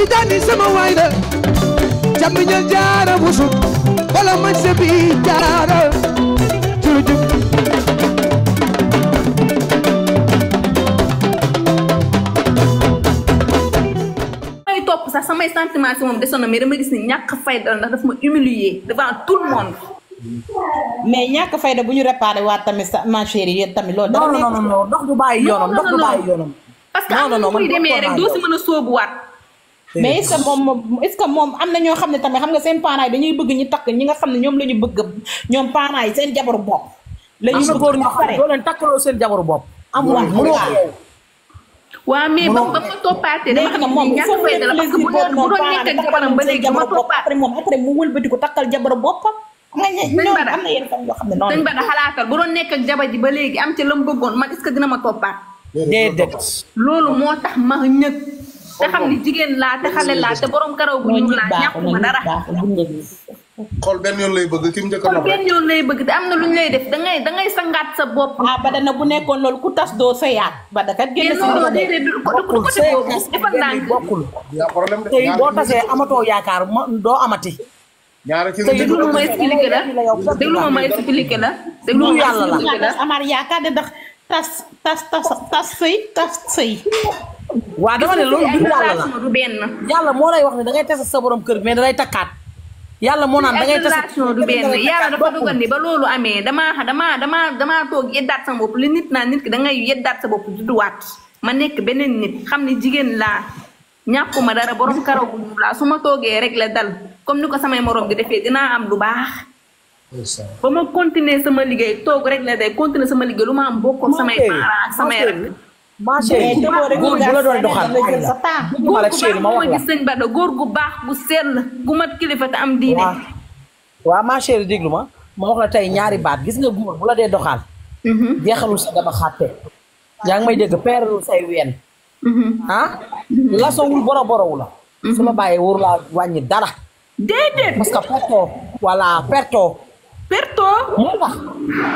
tijani sama waay la jamiñal jaara busu wala man se bi jaara may topp sax samay sentiment si moom desoon na mais dama gis ni ñàkk fayda ndax daf ma humilier devant tout le monde mais ñàkk fayda bu ñu réparé waa tamit sa ma chérie yéen tamit loolu dara non non non ndox du bàyyi yoonam ndox du bàyyi yoonam parce que am na muy demee rek doo si mën a soobuwaat mais est que moom est moom am na ñoo xam ne tamit xam nga seen parents yi dañuy bëgg ñu takk ñi nga xam ne ñoom la ñu bëgg ñoom parents yi seen jabaru bopp. la ñu bëgg ñu seen jabaru bopp. amul waaw waaw mais ba ba ma toppaatee dama xam ne bu doon bu ba léegi ma moom après mu wëlbati ko takkal jabaru boppam. am na yenn fan yoo xam ne noonu dañ ba da xalaatal bu doon nekk ak jabar ji ba léegi am ci la mu bëggoon man est-ce que dina ma toppaat déedéet loolu moo tax ma ñëg te xam ni jigéen laa te xale laa te borom karaw bu ñuul laa ñàkkuma dara xool benn yoon lay bëgg ki mu njëkk a lay bëgg te am na lu ñu def dangay ngay da ngay sangaat sa bopp. ah ba dana bu nekkoon loolu ku tas doo sëyaat. ba da kat génn si loolu de bokkul sëy defal ndànk bokkul. tey boo tasee amatoo yaakaar doo amati. ñaare ci déglu ma ma expliqué la déglu ma ma expliqué la. déglu ma yàlla la amaar yaakaar de ndax tas tas tas tas sëy tas sëy. waaw dama ne loolu mbiru yàlla la yàlla moo lay wax ne da ngay tasa sa borom kër mais da lay takkaat. yàlla moo naan da ngay tasa du benn yàlla dafa dogal ni ba loolu amee damaa damaa damaa damaa toog yeddaat sa bopp li nit naa nit ki da ngay yeddaat sa bopp judduwaat ma nekk beneen nit xam ne jigéen laa ñàkkuma dara borom karaw bu ñuul laa su ma toogee rek la dal comme ni ko samay morom gi defee dinaa am lu baax. ba ma continuer sama liggéey toog rek la day continuer sama liggéey lu ma am bokkoon samay parents ak samay rek ma chérie góor bu la doon doxal góor gu baax gi sëñ Bada góor gu baax gu sell gu mat kilifa te am diine. waa ma chérie déglu ma ma wax la tey ñaari baat gis nga góor bu la dee doxal. Mm-hmm. jeexalul sa dama xàtte. yaa ngi may dégg peeralul say ween. Mm-hmm. ah mm-hmm. lasowul boro borowu la. su laa wàññi dara. déedéet parce que perto voilà perto. perto moo tax.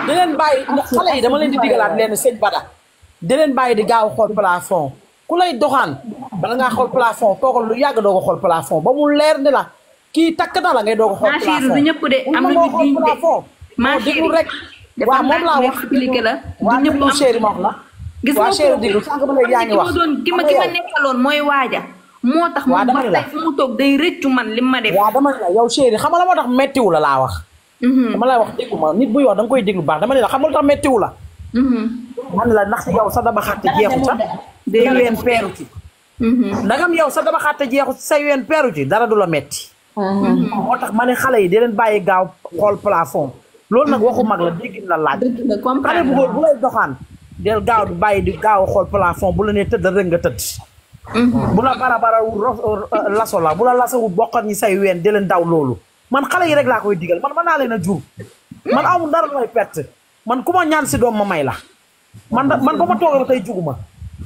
di bàyyi xale yi dama leen di digalaat leen sëñ Bada. di leen bàyyi di gaaw xool plafond ku lay doxaan bala ngaa xool plafond kooku lu yàgg doo ko xool plafond ba mu leer ni la kii takk na la ngay doo ko xool plafond du ñëpp de am na ñu diñ de déglu rek waaw moom laa wax expliqué la waaw déglu chéri ma wax la gis nga chéri diglu sànq ba léegi yaa ngi wax ki ma ki ma nekkaloon mooy waaja moo tax waaw dama la fu mu toog day rëccu man li ma def la yow chéri xam nga la moo tax méttiwu la laa wax mhm. dama lay wax déggu nit buy wax da nga koy déglu baax dama ne xam nga lu tax méttiwu la mhm. man la ndax yow sa daba xatte jeexu ca day ween peeru ci mm-hmm. ndagam yow sa daba xatte jeexu sa ween peeru ci dara du la metti mm-hmm. moo tax ma ne xale yi di leen bàyyi gaaw xool plafond loolu nag waxu mag la la mm-hmm. laaj xale bu góor bu lay gaaw di bàyyi di gaaw xool plafond bu la nee tëdd rek nga tëdd bu la barabara laso la bu la lasowu bokkat ñi say ween di leen daw loolu man xale yi rek laa koy digal man mën naa leen a jur man amul dara lay perte man ku ma ñaan si doom ma may la man man ba ma toogee ba tey juguma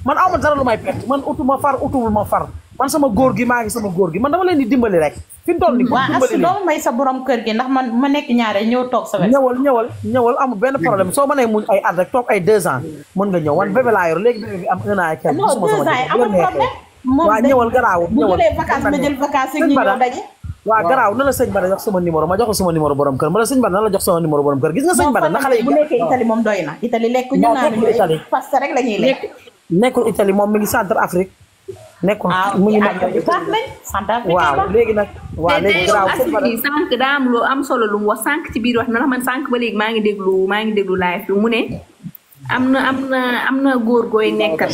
man aw ma dara lu may perte man utuma far utuwul ma far man sama góor gi maa ngi sama góor gi man dama leen di dimbali rek. fi mu toll nii dimbali waaw asu doo may sa borom kër gi ndax man ma nekk ñaare ñëw toog sa wet. ñëwal ñëwal ñëwal amul benn problème soo mënee muñ ay toog ay deux ans mën nga ñëw wan bébé laa yor léegi bébé bi am un an ak kenn. non deux ans yi amul problème. moom bu ñu jëlee jël vacances daje. waaw garaaw na la sëñ Bada jox sama numéro ma jox ko sama numéro borom kër ma la sëñ Bada na la jox sama numéro borom kër gis nga sëñ Bada na xale yi bu nekkee Italie na Italie lekk ñu ah, naan ah, waaw léegi nag waaw léegi garaaw sànq daa am lu am solo lu mu wax sànq ci biir wax na la man sànq ba léegi maa ngi déglu maa ngi déglu live bi mu ne am na am na am na góor gooy nekkal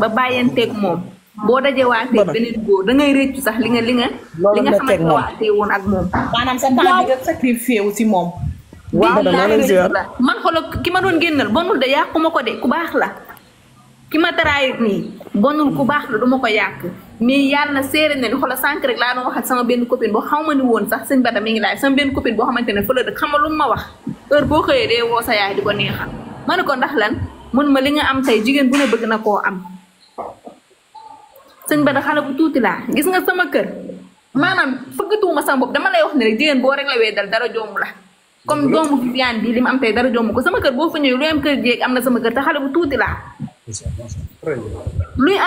ba bàyyanteeg moom boo dajewaatee beneen góor da ngay réccu sax li nga li nga. li nga xamante ne waatee woon ak moom. maanaam sa temps bi nga sacrifié wu si moom. waaw man xoolal ki ma doon génnal bonul de yàquma ko de ku baax la. ki ma taraayit nii bonul ku baax la du ma ko yàq mais yàlla seere na ni xoolal sànq rek laa wax ak sama benn copine boo xaw ma ni woon sax sëñ Bada mi ngi laaj sama benn copine boo xamante ne fële dëkk xam nga lu ma wax heure boo xëyee dee woo sa yaay di ko neexal ma ne ko ndax lan mun ma li nga am tey jigéen bu ne bëgg na koo am sëñ Bada xale bu tuuti laa gis nga sama kër maanaam fëggatuwuma sama bopp dama lay wax ne rek jigéen boo rek dal dara joomu la comme doomu yaan bii li ma am tey dara joomu ko sama kër boo fa ñëwee luy am na sama kër xale bu tuuti laa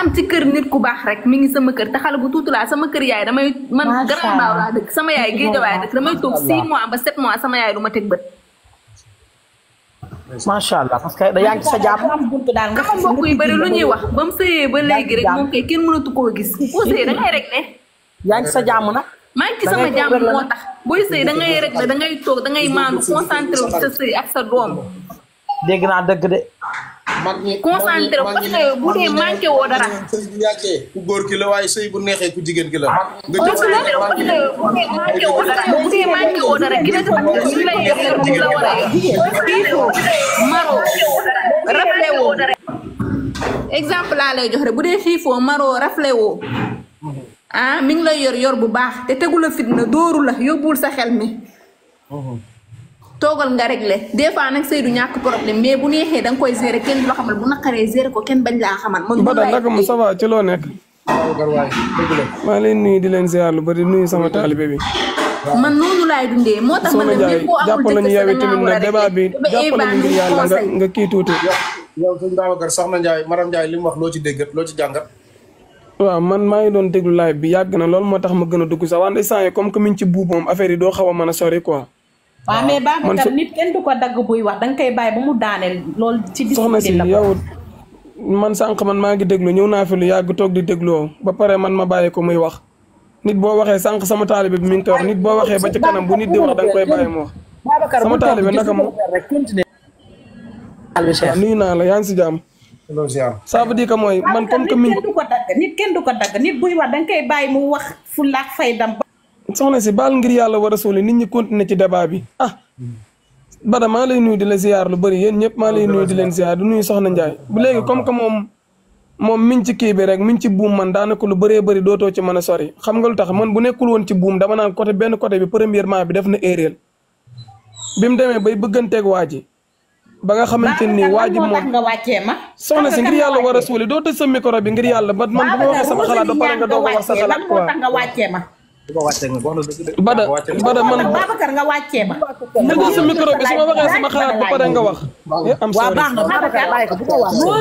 am ci kër nit ku baax rek mi ngi sama kër te xale bu tuuti laa sama kër yaay damay man Grand Mbao laa dëkk sama yaay Géejawaay dëkk damay toog 6 mois ba 7 mois sama yaay du ma teg bët macha allah parce que yaa ngi sa jàmm am buntu daal nga xam mbokk yu bëri lu ñuy wax ba mu sëyee ba léegi rek moom kay kenn mënatu koo gis boo sëyee da ngay rek ne yaa sa jàmm nag maa ngi ci sama jàmm moo tax booy sëy da rek ne da ngay toog da ngay maanu concentré wu sa sëy ak sa doom dégg naa dëgg de mag ñi bu dee ku góor ki la waaye sëy bu neexee ku jigéen ki la. nga jël la war bu dee xiifoo maro rafle ah mi ngi lay yor yor bu baax te tegu la fitna dóoru la yóbbuwul sa xel mi. toogal nga réglé des fois nag du ñàkk problème mais bu neexee da nga koy gérer kenn du la xamal bu naqaree gérer ko kenn bañ laa xamal. man Bada naka mu ça va ci loo nekk. maa leen di leen ziar lu bari nuyu sama taalibe bi. man noonu laay dundee moo tax man a débat bi jàppale nga kii tuuti. yow sëñ Babacar soxna Ndiaye madame Ndiaye li mu wax loo ci dégg loo ci jàngat. waaw man maa ngi doon déglu live moo tax ma gën a dugg sax wante instant yi comme que mi ci buub moom affaire doo xaw a mën a sori quoi. waaw ah, mais baabi tam nit kenn du ko dagg buy wax danga koy bàyyi ba mu daaneel loolu. ci discipline la soxna si yow man sànq man maa ngi déglu ñëw naa fi lu yàgg toog di déglu ba pare man ma bàyyi ko muy wax nit boo waxee sànq sama taalibe bi mi ngi koy wax nit boo waxee ba ci kanam bu nit di wax danga koy bàyyi mu wax. sama taalibe naka mu. Ah, nuyu naa la yaa ngi si jàmm. ça veut dire mooy man comme que. nit kenn ko dagg nit ko dagg nit buy wax koy bàyyi mu wax fu laax fay dam soxna si baal ngir yàlla war wa rasuuli nit ñi continuer ci débat bi ah Bada maa lay nuyu di la ziar lu bëri yéen ñëpp maa lay nuyu di leen ziar du nuyu soxna Ndiaye bu léegi comme que moom moom miñ ci kii bi rek miñ ci buum man daanaka lu bëree bëri dootoo ci mën a sori xam nga lu tax man bu nekkul woon ci buum dama naan côté benn côté bi premièrement bi def na erreur bi mu demee bay bëgganteeg waa ji ba nga xamante ni waa ji moom nga wàccee ma soxna si ngir yàlla war a suuli doo tëj sa micro bi ngir yàlla ba ma waxee sama xalaat ba pare nga doog a wax sa xalaat quoi Bada Bada man Babacar nga wàccee ma. nga jël sa micro bi su ma waxee sama xalaat ba pare nga wax. am solo waaw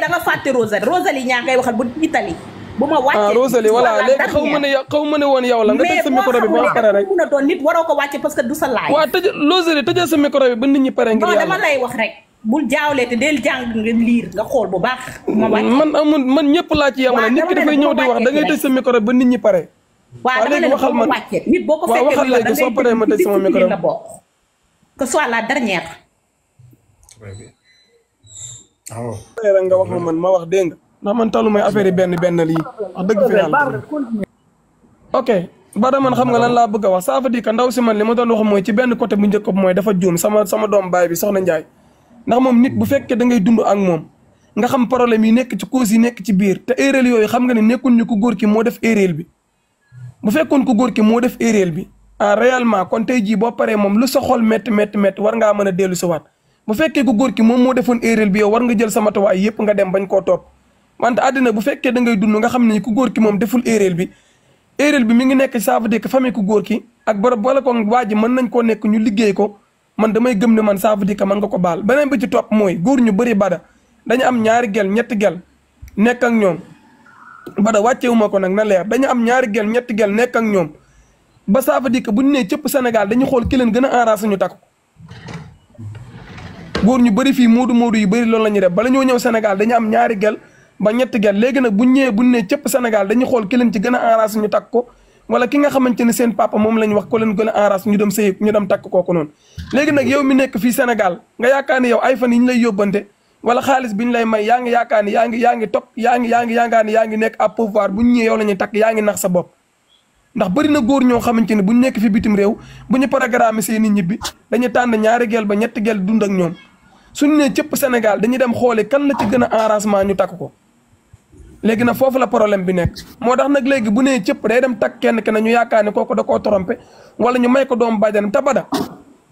nga fàtte Rosalie Rosalie bu Italie. bu ma wàccee ah, Rosalie voilà léegi xaw ne yow xaw ma ne woon yow la nga tëj sa micro bi ba ma pare a lay wax rek. bul jaawlee te del jàng nga liir xool bu baax. ma wàcc man man ñëpp laa ci yemale. nit ki dafay ñëw di wax da ngay tëj sa micro ba nit ñi pare. waaw léegi waxal man nit boo ko fekkee waxal léegi soo paree ma tëj sama micro la bokk. que soit la dernière. waaw. rek nga wax man ma wax dégg nga. ndax man talu may affaire yi benn benn lii wax dëgg fi yàlla. ok Bada man xam nga lan laa bëgg a wax ça veut dire si man li ma doon wax mooy ci benn côté bu njëkk mooy dafa juum sama sama doom baay bi soxna Ndiaye ndax moom nit bu fekkee dangay dund ak moom nga xam problème yi nekk ci cause yi nekk ci biir te erreur yooyu xam nga ne nekkul ko góor ki moo def erreur bi bu fekkoon ko góor ki moo def erreur bi ah réellement jii boo paree moom lu sa xol métti war ngaa a dellu si bu fekkee ko góor ki moom moo defoon erreur bi yow war nga jël sama yëpp nga dem bañ koo topp wante àddina bu fekkee da ngay dund nga xam ne ku góor ki moom deful erreur bi erreur bi mi ngi nekk ça veut dire ku góor ki ak borom wala ko waa ji mën nañ koo nekk ñu liggéey ko man damay gëm ne man ça veut dire man nga ko baal beneen bi ci topp mooy góor ñu bari bada dañu am ñaari gel ñetti gel nekk ak ñoom bada wàccewuma ko nag na leer dañu am ñaari gel ñetti gel nekk ak ñoom ba ça dikk bu ñu nee cëpp senegal dañu xool ki leen gën a enragé ñu takk góor ñu bëri fii moodu moodu yu bari loolu la ñuy def bala ñoo ñëw Sénégal dañu am ñaari gel ba ñetti gel léegi nag bu ñu ñëwee bu ñu nee cëpp senegal dañu xool ki leen ci gën a enragé ñu takk ko wala ki nga xamante ne seen papa moom lañu wax ko leen gën a enrace ñu dem sëy ñu dem takk kooku noonu léegi nag yow mi nekk fii Sénégal nga yaakaar ne yow ay fan yi ñu lay yóbbante wala xaalis bi ñu lay may yaa ngi yaakaar ni yaa ngi yaa ngi topp yaa ngi yaa ngi yaakaar ni yaa ngi nekk à pouvoir bu ñu ñëwee yow la ñuy takk yaa ngi nax sa bopp ndax bëri na góor ñoo xamante ne bu ñu nekk fi bitim réew bu ñu programme seen i ñibbi dañu tànn ñaari gel ba ñetti gel dund ak ñoom suñu nee cëpp Sénégal dañuy dem xoole kan la ci gën a arrangement ñu takk ko léegi nag foofu la problème bi nekk moo tax nag léegi bu nee cëpp day dem takk kenn kenn ñu yaakaar ne kooku da koo trompé wala ñu may ko doomu bàjjanam te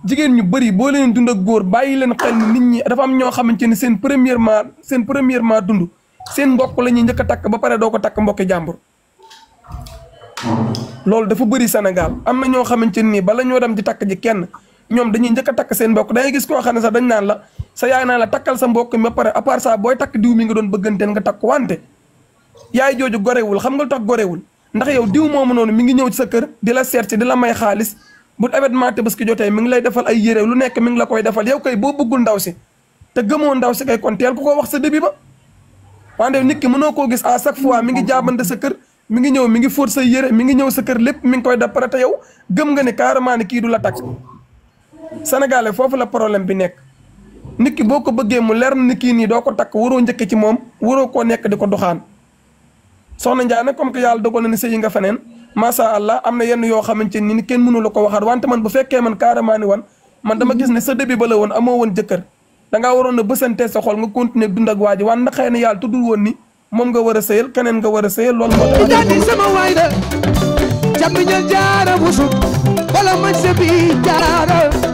jigéen ñu bëri boo leen dund ak góor bàyyi leen nit ñi dafa am ñoo xamante ni seen premièrement seen premièrement dund seen mbokk la ñuy njëkk a takk ba pare doo ko takk mbokki jàmbur. loolu dafa bëri Sénégal am na ñoo xamante nii bala ñoo dem di takk ji kenn ñoom dañuy njëkk a takk seen mbokk dangay gis koo xam ne sax dañ naan la sa yaay naa la takkal sa mbokk mi ba pare à part booy takk diw mi nga doon bëgganteen nga takk wante. yaay jooju gorewul xam nga lu tax gorewul ndax yow diw moomu noonu mi ngi ñëw ci sa kër di la seet si di la may xaalis bu événement tabaski jotee mi ngi lay defal ay yére lu nekk mi ngi la koy defal yow koy boo bëggul ndaw si te gëmoo ndaw si kay kon teel ku ko wax sa début ba wante nit ki mënoo koo gis à chaque fois mi ngi jaabante sa kër mi ngi ñëw mi ngi fóot sa yére mi ngi ñëw sa kër lépp mi ngi koy def te yow gëm nga ne carrément ne kii du la takk sénégalais foofu la problème bi nekk nit ki boo ko bëggee mu leer ni kii nii doo ko takk waroo njëkk ci moom waroo koo nekk di ko doxaan soxna Ndiaye nag comme que yàlla dogal na ni sëyi nga feneen macha allah am na yenn yoo xamante ni kenn mënu la waxaat wante man bu fekkee man carrément wan man dama gis ne sa début ba amoo woon jëkkër dangaa waroon a bësante sa xol nga continuer dund ak waa ji wan na xëy na yàlla tuddul moom nga war a sëyal keneen nga war a sëyal loolu moo tax sama waay da jàmmiñal jaara busub wala mañ sa bi jaara